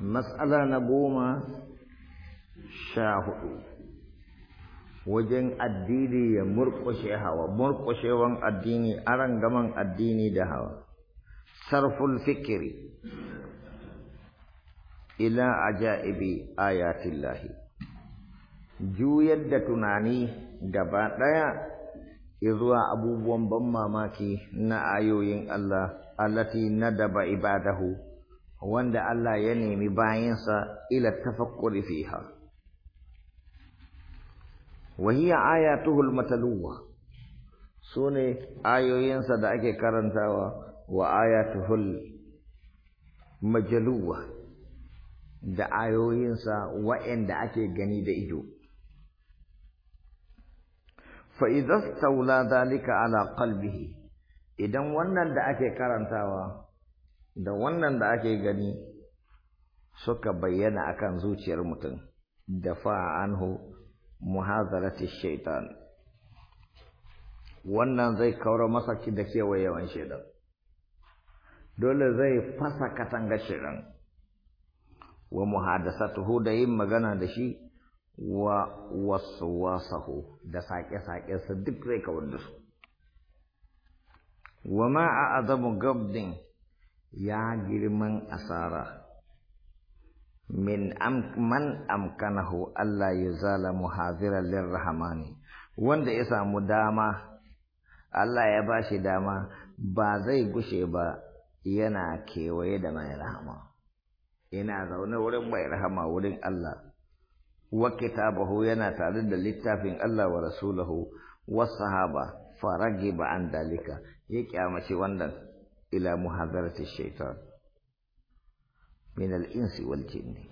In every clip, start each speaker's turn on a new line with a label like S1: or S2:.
S1: Mas'ala na goma sha hudu. wajen addini ya murƙushe hawa murƙushewan addini aran gaman addini da hawa sarful fikiri ila ajaibi ayatillahi juyar da tunani gaba ɗaya zuwa abubuwan ban mamaki na ayoyin Allah allati nadaba ibadahu wanda Allah ya nemi bayansa ila tafakkuri fiha wa hiya ayatuhu almataluwa sune ayoyinsa da ake karantawa wa ayatuhu majaluwa da ayoyinsa wa'anda ake gani da ido فإذا استولى ذلك على قلبه idan wannan da ake karantawa da wannan da ake gani suka bayyana akan zuciyar mutum da fa'a anhu muhazarati shaitan wannan zai kaura masa da yawan shaitan dole zai fasa katangar shaitan wa muhadasatuhu da yin magana da shi wa waswasahu da saƙe su duk zai kawar da su wa ma a azamu gabdin ya girman asara min man amkanahu Allah ya zala muhaziran lirrahmani wanda ya samu dama Allah ya ba shi dama ba zai gushe ba yana kewaye da mai rahama ina zaune wurin mai rahama wurin Allah wa kitabahu yana tare da littafin Allah wa rasulahu wa sahaba faragi ba an dalika ya kyamace wannan ila muhadarati shaitan min al-insi wal jinni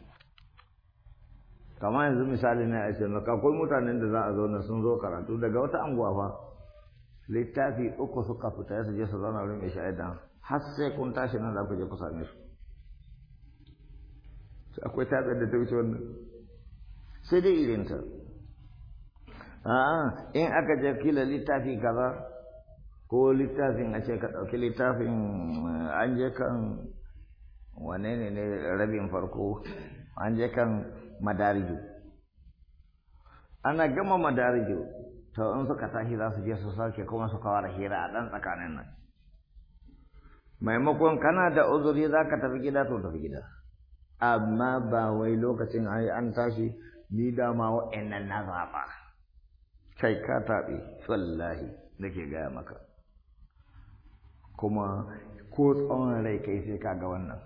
S1: kamar yanzu misali ne a ce maka akwai mutanen da za a zauna sun zo karatu daga wata anguwa fa littafi uku suka fita su je su zauna wurin mai shaidan har sai kun tashi nan za ku je ku same su akwai tatsar da ta wuce wannan sai dai irinta in aka je kila littafi kaza ko littafin a ce ka ɗauki littafin eh, an je kan wane ne ne rabin farko an je kan madariju ana gama madariju ta in suka tashi za su je su sauke kuma su kawar hira a ɗan tsakanin nan maimakon kana da uzuri za ka tafi gida to tafi gida amma ba wai lokacin an tashi ni dama wa'annan na zaɓa kai ka taɓe wallahi nake gaya maka kuma ko tsawon rai kai sai ka ga wannan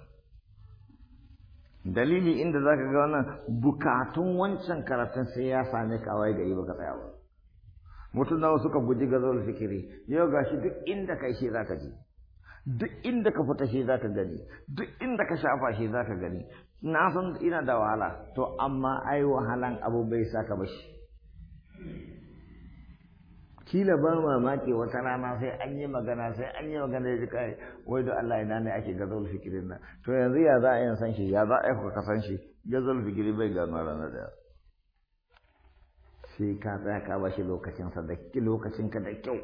S1: dalili inda za ka ga wannan bukatun wancan karatun sai ya same ka wai gari baka tsaya ba mutum nawa suka guji gazawar fikiri yau gashi duk inda kai shi za ka ji duk inda ka fita shi za ka gani duk inda ka shafa shi za ka gani na san ina da wahala to amma ai wahalan abu bai sa ka bashi kila ba mamaki wata rana sai an yi magana sai an yi magana ya ji kai wai da Allah ina ne ake gazal fikirin nan to yanzu ya za a yin san shi ya za a yi ka san shi gazal fikiri bai gano ranar da sai ka tsaya ka bashi shi lokacinsa da lokacin ka da kyau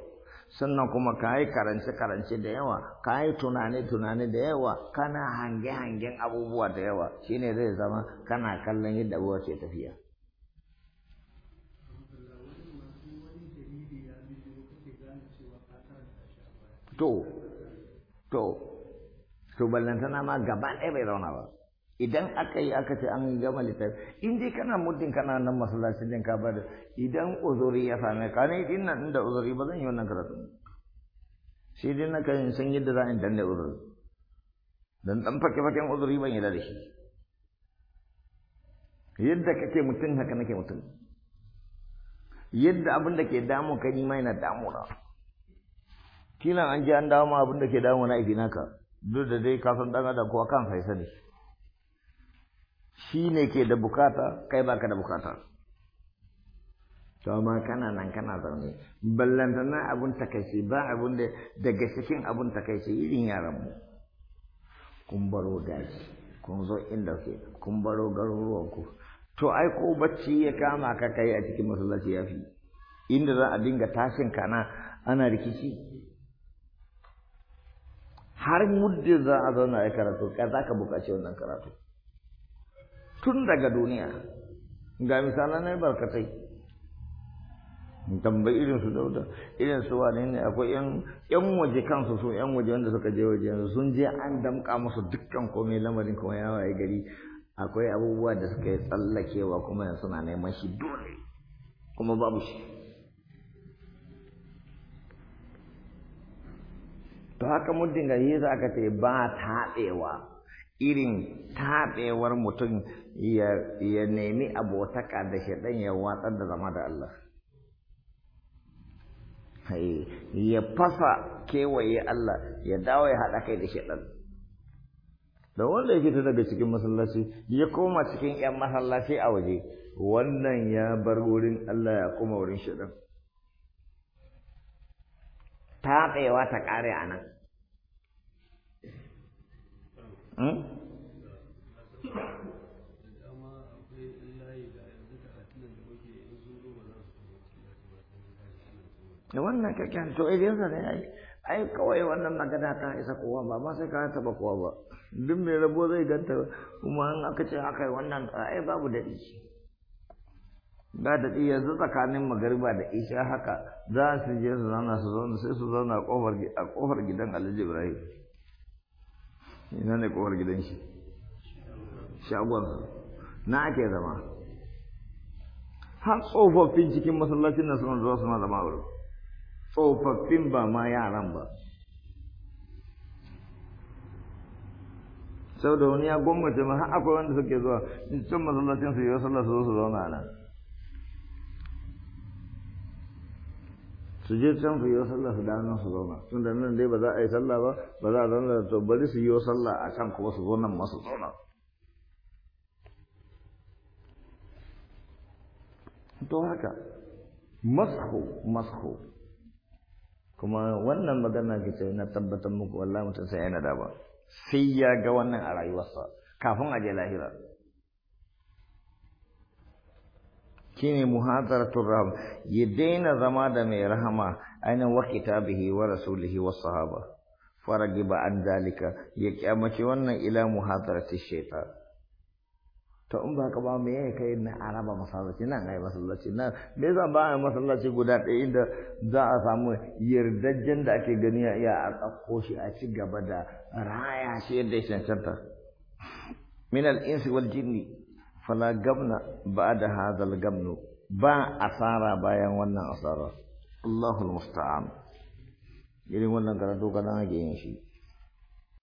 S1: sannan kuma ka yi karance-karance da yawa ka yi tunane-tunane da yawa kana hange-hangen abubuwa da yawa shine zai zama kana kallon yadda abubuwa ce tafiya to to to ballantana ma gaba ɗaya bai zauna ba idan aka yi aka ce an gama littafi in dai kana muddin kana nan masallacin din ka ba da, idan uzuri ya same ka ne din nan inda uzuri ba zan yi wannan karatu shi dai na kan san yadda za a yi danne uzuri dan dan fake faken uzuri ban yi da shi yadda kake mutum haka nake mutum yadda abin da ke damu ka ni ma yana na Kina an je an dawo ma abin da ke damu na ifi naka duk da dai ka san dan adam ko kan sai sani shi ne ke da bukata kai baka da bukata to amma kana nan kana zaune ballantana abun takaici ba abun da daga cikin abun takaici irin yaran mu kun baro daji kun zo inda ke kun baro garuruwan ku to ai ko bacci ya kama ka kai a cikin masallaci ya fi inda za a dinga tashin kana ana rikici har muddin za a zauna a karatu ka za ka buƙaci wannan karatu tun daga duniya ga misalan ne barkatai tambayi irin su dauda irin su wane ne akwai yan waje kansu su yan waje wanda suka je waje sun je an damka musu dukkan komai lamarin kuma ya waye gari akwai abubuwa da suka yi tsallakewa kuma yanzu suna neman shi dole kuma babu shi to haka muddin gari za ka ce ba taɓewa irin taɓewar mutum ya nemi abotaka da shaɗan ya watsar da zama da Allah. Ya fasa kewaye Allah ya dawo ya haɗa kai da shaɗan. Da wanda ya fita daga cikin masallaci ya koma cikin ‘yan masallaci a waje, wannan ya bar wurin Allah ya koma wurin shaɗan. Taɓewa ta ƙare a nan. Hmm? da wannan kakken to sa ne ai ai kawai wannan magana ta isa kowa ba ma sai ka taba kowa ba duk mai rabo zai ganta kuma an aka ce aka yi wannan ai babu daɗi ba daɗi yanzu tsakanin magariba da isha haka za su je su zauna su zauna sai su zauna a kofar gidan alhaji ibrahim ina ne kowar gidan shi shagon na ake zama har tsofaffin cikin masallacin nan suna zuwa suna zama wuri tsofaffin ba ma yaran ba sau da wani ya gwamnati ma har akwai wanda suke zuwa cikin masallacin su yi wasu su zuwa su zauna nan su je can su yi sallah su dano su zauna tun da nan dai ba za a yi sallah ba ba za a zauna da to bari su yi sallah a can kuma su zo nan masu zauna to haka kuma wannan magana ke ce na tabbatar muku wallahi mutum sai yana da ba sai ya ga wannan a rayuwarsa kafin a je lahira shine muhadaratul rahma ya daina zama da mai rahama ainihin wakita bihi wa rasulihi wa sahaba faragiba an dalika ya kyamace wannan ila muhadaratish shaita to in ba ka ba me ya kai na araba masallaci nan ai masallaci nan me zan ba masallaci guda ɗaya inda za a samu yardajjen da ake gani a iya a tsakko shi a ci gaba da raya shi yadda ya cancanta min al-insi wal jinni fala gamna ba da hazal gamnu ba asara bayan wannan asara Allahul musta'an irin wannan karatu kana ake yin shi